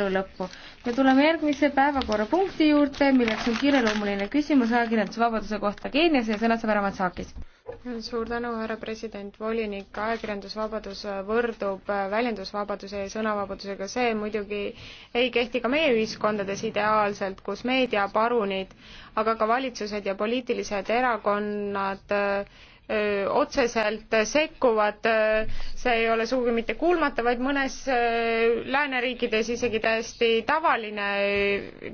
arutelu lõppu. me tuleme järgmise päevakorrapunkti juurde, milleks on kiireloomuline küsimus ajakirjandusvabaduse kohta Keenias ja sõna saab härra Matsakis. suur tänu, härra president, volinik, ajakirjandusvabadus võrdub väljendusvabaduse ja sõnavabadusega, see muidugi ei kehti ka meie ühiskondades ideaalselt, kus meediaparunid, aga ka valitsused ja poliitilised erakonnad äh, otseselt sekkuvad, see ei ole sugugi mitte kuulmata, vaid mõnes lääneriikides isegi täiesti tavaline,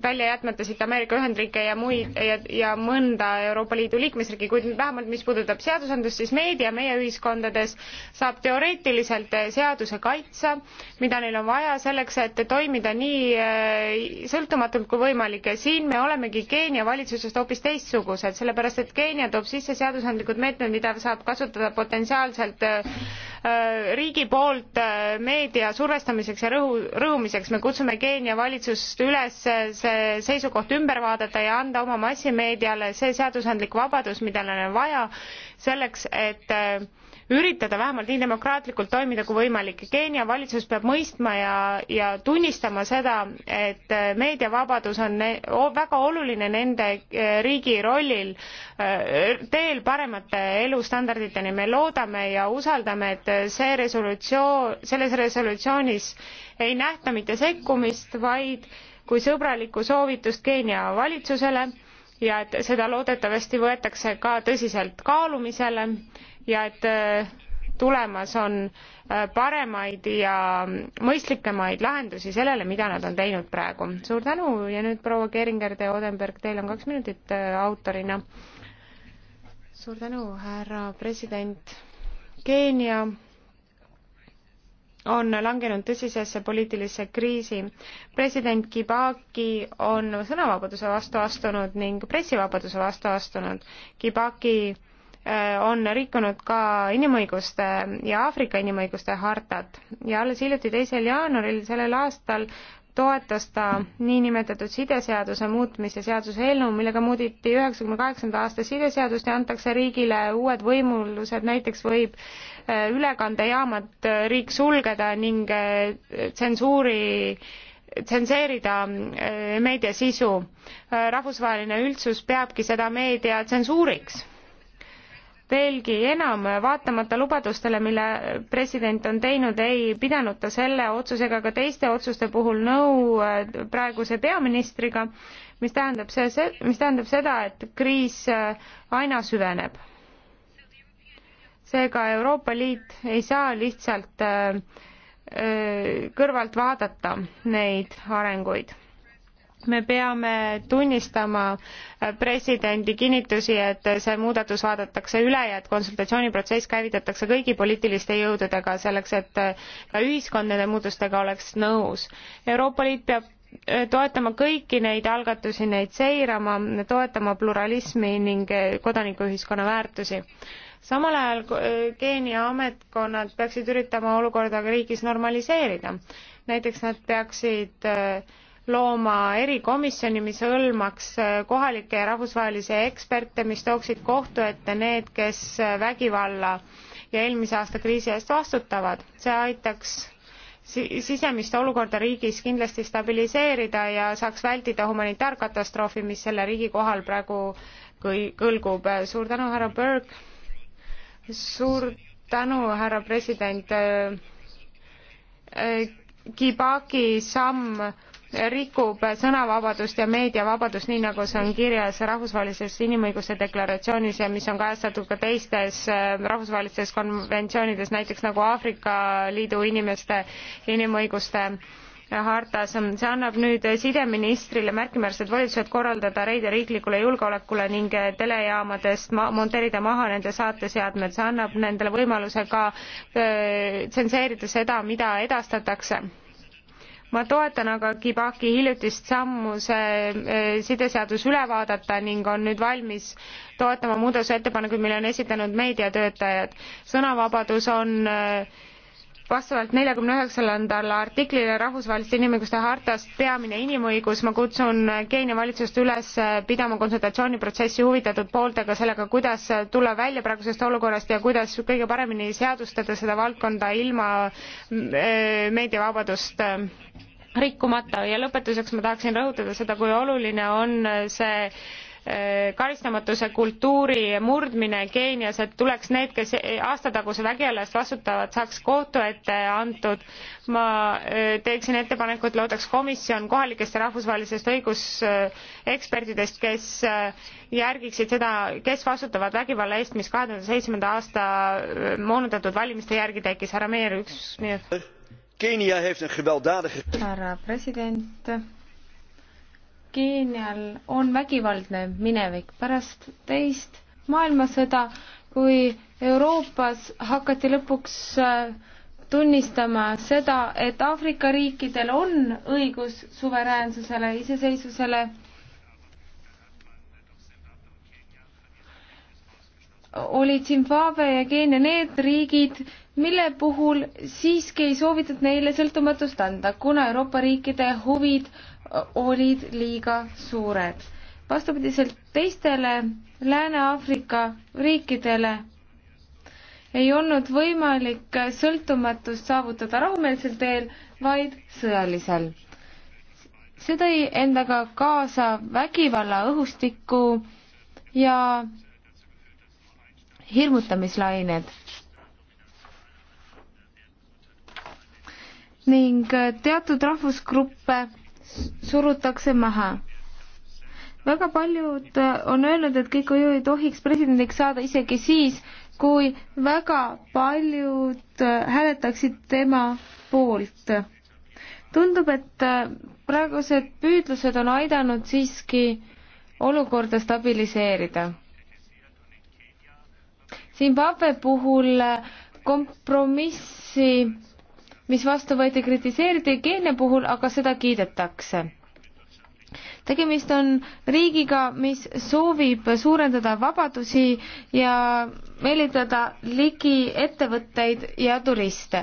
välja jätmata siit Ameerika Ühendriike ja muid ja, ja mõnda Euroopa Liidu liikmesriiki, kuid vähemalt mis puudutab seadusandlust, siis meedia meie ühiskondades saab teoreetiliselt seaduse kaitse, mida neil on vaja selleks, et toimida nii sõltumatult kui võimalik ja siin me olemegi Keenia valitsusest hoopis teistsugused, sellepärast et Keenia toob sisse seadusandlikud meetmed, mida mida saab kasutada potentsiaalselt äh, äh, riigi poolt äh, meedia survestamiseks ja rõhu, rõhumiseks. me kutsume Keenia valitsust üles see seisukoht ümber vaadata ja anda oma massimeediale see seadusandlik vabadus, mida neil on vaja selleks, et üritada vähemalt nii demokraatlikult toimida kui võimalik. Keenia valitsus peab mõistma ja, ja tunnistama seda, et äh, meediavabadus on väga oluline nende äh, riigi rollil äh, teel paremate elustandarditeni. me loodame ja usaldame, et see resolutsioon, selles resolutsioonis ei nähta mitte sekkumist, vaid kui sõbralikku soovitust Keenia valitsusele ja et seda loodetavasti võetakse ka tõsiselt kaalumisele ja et äh, tulemas on äh, paremaid ja mõistlikemaid lahendusi sellele, mida nad on teinud praegu. suur tänu ja nüüd proua Keringer de Odenberg, teil on kaks minutit äh, autorina. suur tänu, härra president. Keenia on langenud tõsisesse poliitilisse kriisi. president Kibaki on sõnavabaduse vastu astunud ning pressivabaduse vastu astunud. Kibaki Äh, on rikkunud ka inimõiguste ja Aafrika inimõiguste hartat ja alles hiljuti, teisel jaanuaril sellel aastal toetas ta niinimetatud sideseaduse muutmise seaduse eelnõu, millega muudeti üheksakümne kaheksanda aasta sideseadust ja antakse riigile uued võimalused, näiteks võib äh, ülekandejaamad äh, riik sulgeda ning tsensuuri tsenseerida meediasisu. rahvusvaheline üldsus peabki seda meedia tsensuuriks veelgi enam, vaatamata lubadustele, mille president on teinud, ei pidanud ta selle otsusega ka teiste otsuste puhul nõu äh, praeguse peaministriga, mis tähendab see, see, mis tähendab seda, et kriis äh, aina süveneb. seega Euroopa Liit ei saa lihtsalt äh, kõrvalt vaadata neid arenguid me peame tunnistama presidendi kinnitusi, et see muudatus vaadatakse üle ja et konsultatsiooniprotsess käivitatakse kõigi poliitiliste jõududega selleks, et ka ühiskond nende muutustega oleks nõus. Euroopa Liit peab äh, toetama kõiki neid algatusi, neid seirama, toetama pluralismi ning äh, kodanikuühiskonna väärtusi. samal ajal äh, Keenia ametkonnad peaksid üritama olukorda riigis normaliseerida. näiteks nad peaksid äh, looma erikomisjoni, mis hõlmaks äh, kohalikke ja rahvusvahelisi eksperte, mis tooksid kohtu ette need, kes äh, vägivalla ja eelmise aasta kriisi eest vastutavad. see aitaks sisemist olukorda riigis kindlasti stabiliseerida ja saaks vältida humanitaarkatastroofi, mis selle riigi kohal praegu kõlgub. suur tänu, härra Berg. suur tänu, härra president. Äh, Kibaki samm rikub sõnavabadust ja meediavabadust, nii nagu see on kirjas rahvusvahelises inimõiguste deklaratsioonis ja mis on kajastatud ka teistes äh, rahvusvahelistes konventsioonides, näiteks nagu Aafrika Liidu inimeste inimõiguste hartas. see annab nüüd sideministrile märkimäärsed volitused korraldada reide riiklikule julgeolekule ning telejaamadest ma monteerida maha nende saateseadmed. see annab nendele võimaluse ka äh, tsenseerida seda, mida edastatakse ma toetan aga Kibaki hiljutist sammu see eh, sideseadus üle vaadata ning on nüüd valmis toetama muudatusettepanekuid, mille on esitanud meediatöötajad. sõnavabadus on eh, vastavalt neljakümne üheksandale artiklile rahvusvahelist inimõiguste hartast peamine inimõigus, ma kutsun eh, Keenia valitsust üles pidama konsultatsiooniprotsessi huvitatud pooltega sellega, kuidas tulla välja praegusest olukorrast ja kuidas kõige paremini seadustada seda valdkonda ilma meediavabadust rikkumata ja lõpetuseks ma tahaksin rõhutada seda, kui oluline on see eh, karistamatuse kultuuri murdmine Keenias, et tuleks need, kes aastataguse vägivalla eest vastutavad, saaks kohtu ette antud. ma eh, teeksin ettepaneku, et loodaks komisjon kohalikest ja rahvusvahelisest õigusekspertidest, kes eh, järgiksid seda, kes vastutavad vägivalla eest, mis kahe tuhande seitsmenda aasta moonutatud valimiste järgi tekkis. härra Meier, üks minut Kenia heeft een gewelddadige. härra president. Keenial on vägivaldne minevik pärast teist maailmasõda, kui Euroopas hakati lõpuks äh, tunnistama seda, et Aafrika riikidel on õigus suveräänsusele, iseseisvusele olid Zimbabwe ja Keenia need riigid, mille puhul siiski ei soovitud neile sõltumatust anda, kuna Euroopa riikide huvid olid liiga suured. vastupidiselt teistele Lääne-Aafrika riikidele ei olnud võimalik sõltumatust saavutada rahumeelsel teel, vaid sõjalisel. see tõi endaga kaasa vägivalla õhustikku ja hirmutamislained. ning äh, teatud rahvusgruppe surutakse maha. väga paljud äh, on öelnud, et kõik ju ei tohiks presidendiks saada isegi siis, kui väga paljud äh, hääletaksid tema poolt. tundub, et praegused püüdlused on aidanud siiski olukorda stabiliseerida Zimbabwe puhul äh, kompromissi, mis vastu võeti, kritiseeriti, Keenia puhul aga seda kiidetakse tegemist on riigiga, mis soovib suurendada vabadusi ja meelitada ligi ettevõtteid ja turiste.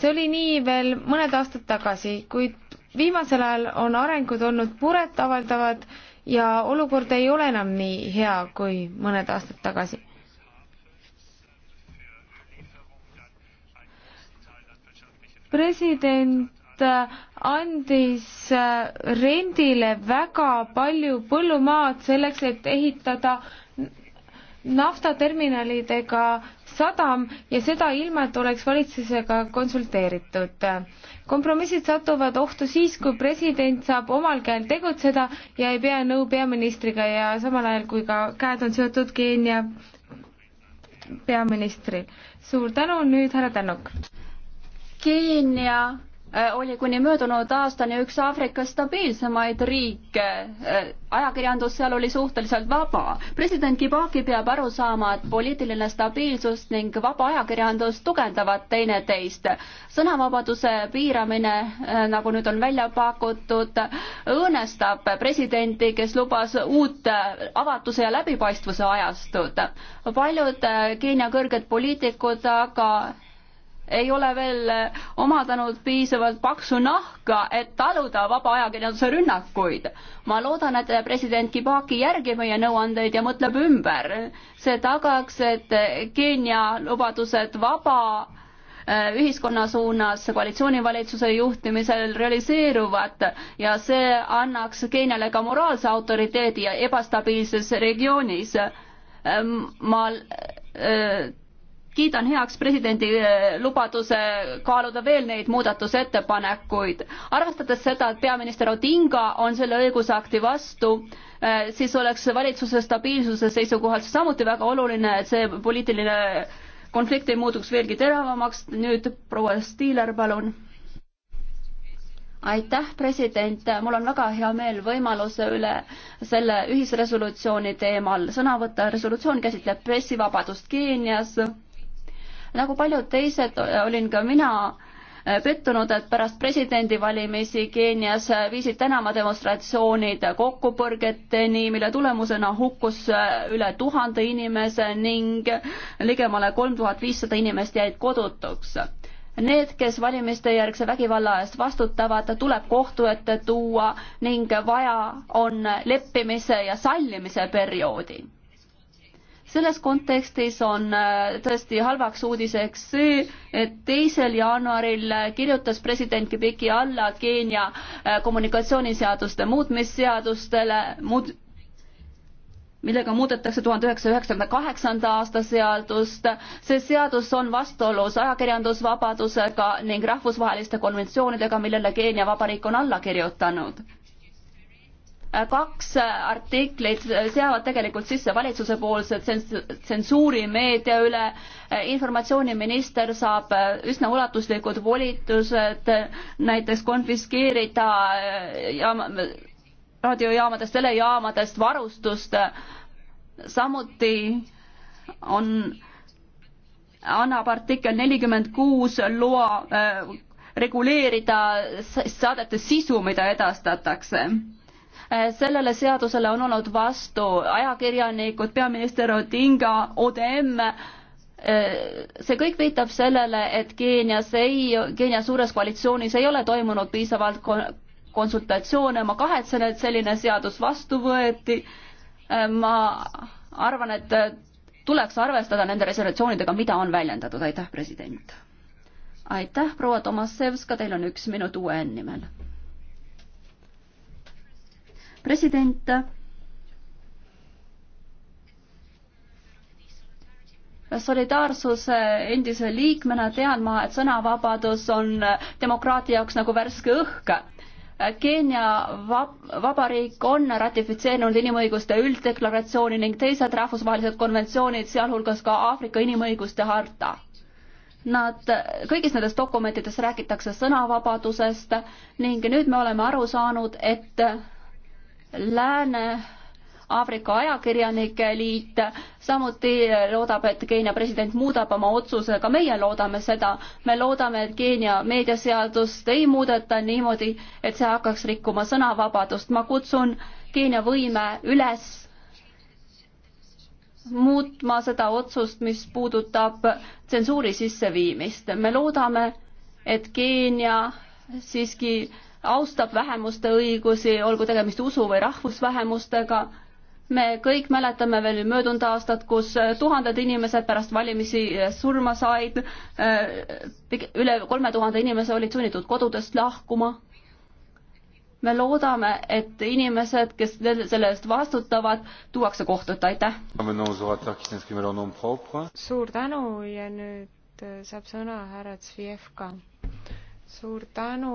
see oli nii veel mõned aastad tagasi, kuid viimasel ajal on arengud olnud muretavaldavad ja olukord ei ole enam nii hea kui mõned aastad tagasi. president andis rendile väga palju põllumaad selleks, et ehitada naftaterminalidega sadam ja seda ilma, et oleks valitsusega konsulteeritud. kompromissid satuvad ohtu siis, kui president saab omal käel tegutseda ja ei pea nõu peaministriga ja samal ajal, kui ka käed on seotud Keenia peaministril. suur tänu, nüüd härra Tänuk. Keenia Äh, oli kuni möödunud aastani üks Aafrika stabiilsemaid riike. Äh, ajakirjandus seal oli suhteliselt vaba. president Kibaki peab aru saama, et poliitiline stabiilsus ning vaba ajakirjandus tugevdavad teineteist. sõnavabaduse piiramine, äh, nagu nüüd on välja pakutud, õõnestab presidenti, kes lubas uut avatuse ja läbipaistvuse ajastut. paljud Keenia kõrged poliitikud aga ei ole veel äh, omandanud piisavalt paksu nahka, et taluda vaba ajakirjanduse rünnakuid. ma loodan, et president Kibaki järgib meie nõuandeid ja mõtleb ümber. see tagaks, et Keenia lubadused vaba äh, ühiskonna suunas koalitsioonivalitsuse juhtimisel realiseeruvad ja see annaks Keeniale ka moraalse autoriteedi ebastabiilses regioonis. Äh, ma kiidan heaks presidendi äh, lubaduse kaaluda veel neid muudatusettepanekuid. arvestades seda, et peaminister Odinga on selle õigusakti vastu, äh, siis oleks valitsuse stabiilsuse seisukohalt samuti väga oluline, et see poliitiline konflikt ei muutuks veelgi teravamaks. nüüd proua Stiiler, palun aitäh, president, mul on väga hea meel võimaluse üle selle ühisresolutsiooni teemal sõna võtta. resolutsioon käsitleb pressivabadust Keenias nagu paljud teised olin ka mina äh, pettunud, et pärast presidendivalimisi Keenias äh, viisid tänavademonstratsioonid kokkupõrgeteni, mille tulemusena hukkus äh, üle tuhande inimese ning ligemale kolm tuhat viissada inimest jäid kodutuks. Need, kes valimiste järgse vägivalla eest vastutavad, tuleb kohtu ette tuua ning vaja on leppimise ja sallimise perioodi selles kontekstis on äh, tõesti halvaks uudiseks see, et teisel jaanuaril äh, kirjutas president Kibiki alla Keenia äh, kommunikatsiooniseaduste muutmisseadustele muud,, millega muudetakse tuhande üheksasaja üheksakümne kaheksanda aasta seadust. see seadus on vastuolus ajakirjandusvabadusega ning rahvusvaheliste konventsioonidega, millele Keenia Vabariik on alla kirjutanud kaks artiklit seavad tegelikult sisse valitsusepoolse tsensuuri meedia üle, informatsiooniminister saab üsna ulatuslikud volitused näiteks konfiskeerida jaama, raadiojaamadest, telejaamadest varustust, samuti on, annab artikkel nelikümmend kuus loa äh, reguleerida saadete sisu, mida edastatakse Äh, sellele seadusele on olnud vastu ajakirjanikud, peaminister Odinga, ODM, äh, see kõik viitab sellele, et Keenias ei, Keenia suures koalitsioonis ei ole toimunud piisavalt konsultatsioone, ma kahetsen, et selline seadus vastu võeti, äh, ma arvan, et tuleks arvestada nende reservatsioonidega, mida on väljendatud, aitäh, president! aitäh, proua Tomassevska, teil on üks minut UN nimel president. solidaarsuse endise liikmena tean ma, et sõnavabadus on demokraatia jaoks nagu värske õhk Keenia vab vabariik on ratifitseerinud inimõiguste ülddeklaratsiooni ning teised rahvusvahelised konventsioonid, sealhulgas ka Aafrika inimõiguste harta. Nad, kõigis nendes dokumentides räägitakse sõnavabadusest ning nüüd me oleme aru saanud, et Lääne Aafrika Ajakirjanike Liit samuti loodab, et Keenia president muudab oma otsuse, ka meie loodame seda. me loodame, et Keenia meediaseadust ei muudeta niimoodi, et see hakkaks rikkuma sõnavabadust. ma kutsun Keenia võime üles muutma seda otsust, mis puudutab tsensuuri sisseviimist. me loodame, et Keenia siiski austab vähemuste õigusi, olgu tegemist usu- või rahvusvähemustega. me kõik mäletame veel möödunud aastat, kus tuhanded inimesed pärast valimisi eh, surma said, eh, üle kolme tuhande inimese olid sunnitud kodudest lahkuma me loodame, et inimesed, kes selle eest vastutavad, tuuakse kohtu ette, aitäh! suur tänu ja nüüd eh, saab sõna härra Zvjevka suur tänu,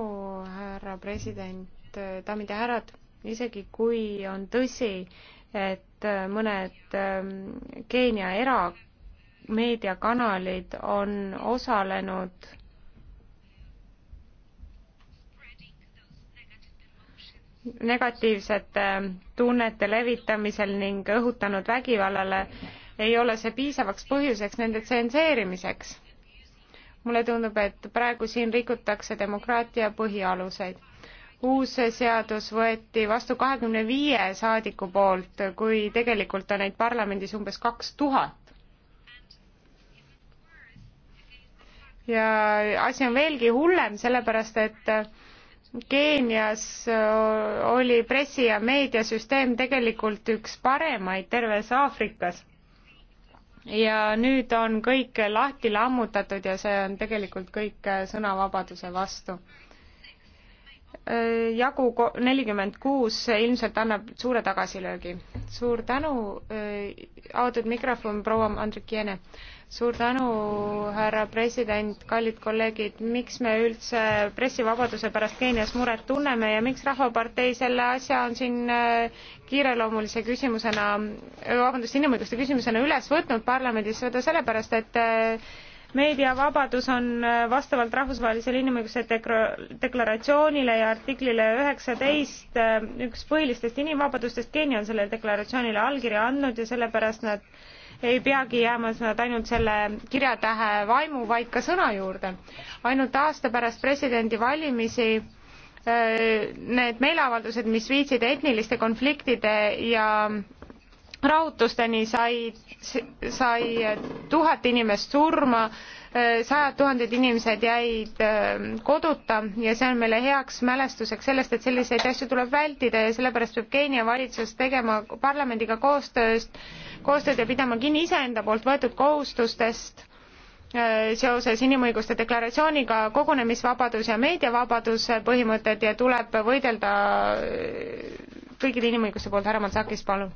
härra president, daamid ja härrad, isegi kui on tõsi, et mõned ähm, Keenia erameediakanalid on osalenud negatiivsete tunnete levitamisel ning õhutanud vägivallale, ei ole see piisavaks põhjuseks nende tsenseerimiseks mulle tundub, et praegu siin rikutakse demokraatia põhialuseid. uus seadus võeti vastu kahekümne viie saadiku poolt, kui tegelikult on neid parlamendis umbes kaks tuhat. ja asi on veelgi hullem, sellepärast et Keenias oli pressi- ja meediasüsteem tegelikult üks paremaid terves Aafrikas ja nüüd on kõik lahti lammutatud ja see on tegelikult kõik äh, sõnavabaduse vastu jagu nelikümmend kuus ilmselt annab suure tagasilöögi. suur tänu, äh, avatud mikrofon proua Andrikiene. suur tänu, härra president, kallid kolleegid, miks me üldse pressivabaduse pärast Keenias muret tunneme ja miks Rahvapartei selle asja on siin äh, kiireloomulise küsimusena, vabandust, inimõiguste küsimusena üles võtnud parlamendis, seda sellepärast, et äh, meediavabadus on äh, vastavalt rahvusvahelisele inimõiguste deklaratsioonile ja artiklile üheksateist äh, üks põhilistest inimvabadustest keenia on sellele deklaratsioonile allkirja andnud ja sellepärast nad ei peagi jääma nad ainult selle kirjatähe vaimu vaid ka sõna juurde ainult aasta pärast presidendivalimisi äh, need meeleavaldused mis viitsid etniliste konfliktide ja rahutusteni sai, sai tuhat inimest surma, sajad tuhanded inimesed jäid ähm, koduta ja see on meile heaks mälestuseks sellest, et selliseid asju tuleb vältida ja sellepärast peab Keenia valitsus tegema parlamendiga koostööst, koostööd ja pidama kinni iseenda poolt võetud kohustustest äh, seoses inimõiguste deklaratsiooniga kogunemisvabadus ja meediavabaduse põhimõtted ja tuleb võidelda äh, kõigile inimõiguste poolt. härra Matsakis, palun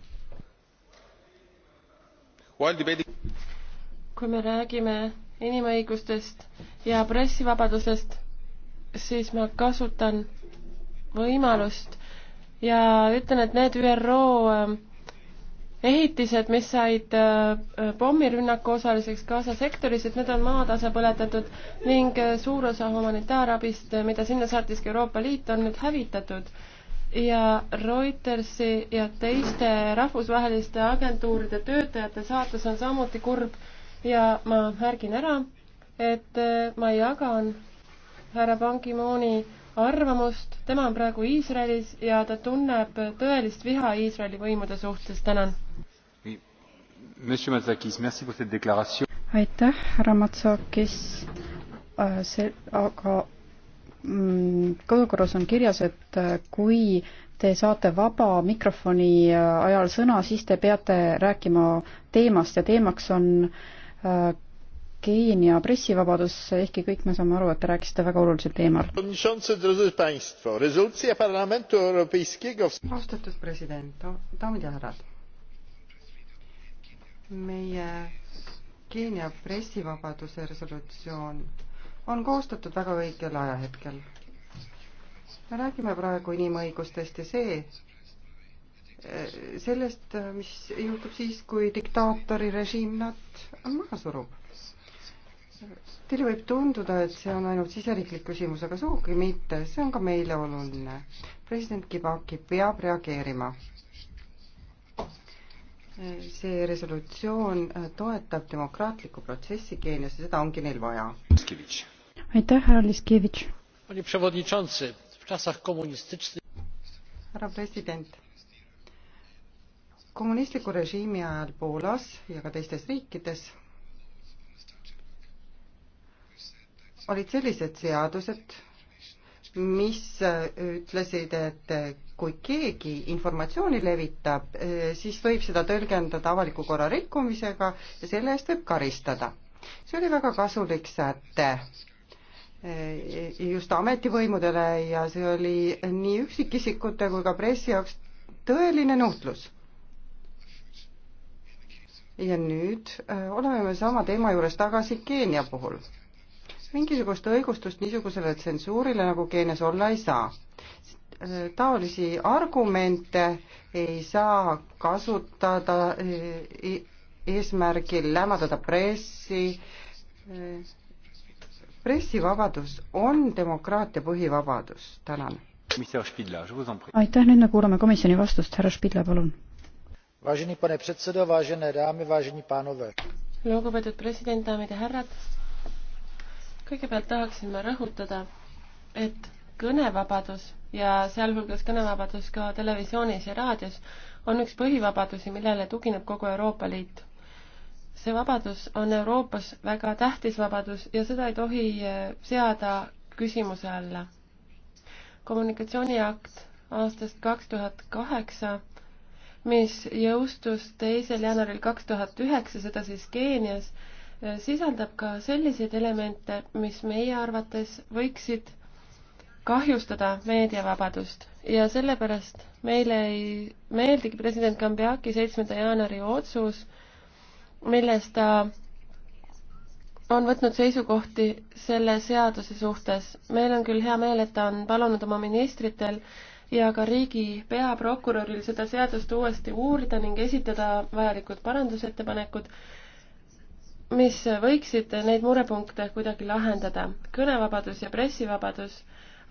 kui me räägime inimõigustest ja pressivabadusest, siis ma kasutan võimalust ja ütlen, et need ÜRO ähm, ehitised, mis said äh, pommirünnaku osaliseks Gaza sektoris, et need on maatasa põletatud ning äh, suur osa humanitaarabist, mida sinna saatis ka Euroopa Liit, on nüüd hävitatud ja Reutersi ja teiste rahvusvaheliste agentuuride töötajate saates on samuti kurb ja ma märgin ära, et ma jagan härra Ban Ki-mooni arvamust, tema on praegu Iisraelis ja ta tunneb tõelist viha Iisraeli võimude suhtes, tänan. aitäh, härra Matsakis, äh, see, aga Mm, kodukorras on kirjas, et äh, kui te saate vaba mikrofoni äh, ajal sõna, siis te peate rääkima teemast ja teemaks on Keenia äh, pressivabadus, ehkki kõik me saame aru, et te rääkisite väga olulisel teemal. austatud president, daamid ja härrad. meie Keenia pressivabaduse resolutsioon on koostatud väga õigel ajahetkel. me räägime praegu inimõigustest ja see, eh, sellest, eh, mis juhtub siis, kui diktaatori režiim nad maha surub. Teile võib tunduda, et see on ainult siseriiklik küsimus, aga sugugi mitte, see on ka meile oluline. president Kibaki peab reageerima. see resolutsioon eh, toetab demokraatlikku protsessi Keenias ja seda ongi neil vaja. Kivic aitäh, härra Liskevitš. härra president kommunistliku režiimi ajal Poolas ja ka teistes riikides olid sellised seadused, mis ütlesid, et kui keegi informatsiooni levitab, siis võib seda tõlgendada avaliku korra rikkumisega ja selle eest võib karistada. see oli väga kasulik säte just ametivõimudele ja see oli nii üksikisikute kui ka pressi jaoks tõeline nuhtlus. ja nüüd äh, oleme me sama teema juures tagasi Keenia puhul. mingisugust õigustust niisugusele tsensuurile nagu Keenias olla ei saa. Äh, taolisi argumente ei saa kasutada äh, e-, eesmärgil lämmatada pressi, pressivabadus on demokraatia põhivabadus, tänan. aitäh, nüüd me kuulame komisjoni vastust, härra Spidla, palun. lugupeetud president, daamid ja härrad. kõigepealt tahaksin ma rõhutada, et kõnevabadus ja sealhulgas kõnevabadus ka televisioonis ja raadios on üks põhivabadusi, millele tugineb kogu Euroopa Liit see vabadus on Euroopas väga tähtis vabadus ja seda ei tohi eh, seada küsimuse alla. kommunikatsiooniakt aastast kaks tuhat kaheksa, mis jõustus teisel jaanuaril kaks tuhat üheksa, seda siis Keenias, eh, sisaldab ka selliseid elemente, mis meie arvates võiksid kahjustada meediavabadust ja sellepärast meile ei meeldigi president Kambjaki seitsmenda jaanuari otsus, milles ta on võtnud seisukohti selle seaduse suhtes. meil on küll hea meel, et ta on palunud oma ministritel ja ka riigi peaprokuröril seda seadust uuesti uurida ning esitada vajalikud parandusettepanekud, mis võiksid neid murepunkte kuidagi lahendada. kõnevabadus ja pressivabadus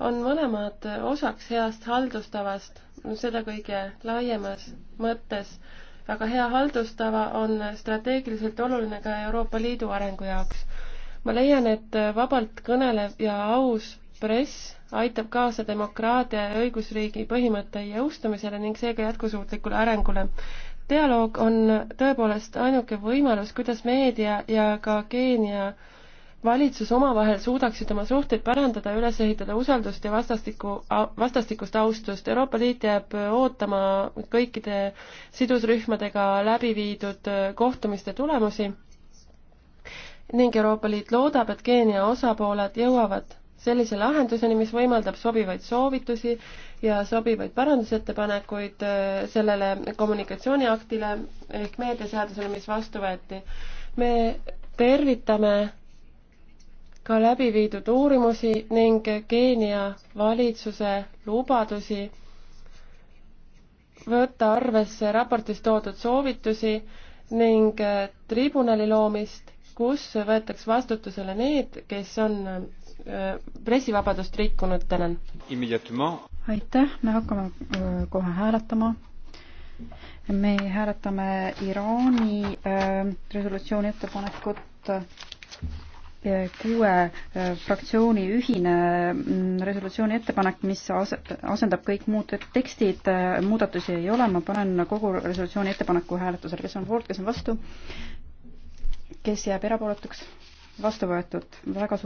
on mõlemad osaks heast haldustavast, seda kõige laiemas mõttes aga hea haldustava on strateegiliselt oluline ka Euroopa Liidu arengu jaoks. ma leian, et vabalt kõnelev ja aus press aitab kaasa demokraatia ja õigusriigi põhimõtte jõustamisele ning seega jätkusuutlikule arengule. dialoog on tõepoolest ainuke võimalus, kuidas meedia ja ka Keenia valitsus omavahel suudaksid oma suhteid parandada, üles ehitada usaldust ja vastastikku, vastastikust austust. Euroopa Liit jääb ootama kõikide sidusrühmadega läbi viidud kohtumiste tulemusi ning Euroopa Liit loodab, et Keenia osapooled jõuavad sellise lahenduseni, mis võimaldab sobivaid soovitusi ja sobivaid parandusettepanekuid äh, sellele kommunikatsiooniaktile ehk meediaseadusele, mis vastu võeti. me tervitame ka läbi viidud uurimusi ning Keenia valitsuse lubadusi võtta arvesse raportis toodud soovitusi ning äh, tribunali loomist, kus võetaks vastutusele need, kes on äh, pressivabadust rikkunud, tänan. aitäh, me hakkame äh, kohe hääletama. me hääletame Iraani resolutsiooni ettepanekut kuue äh, fraktsiooni ühine mm, resolutsiooni ettepanek, mis asendab kõik muud tekstid, äh, muudatusi ei ole, ma panen kogu resolutsiooni ettepaneku hääletusele, kes on poolt, kes on vastu, kes jääb erapooletuks, vastu võetud, väga suur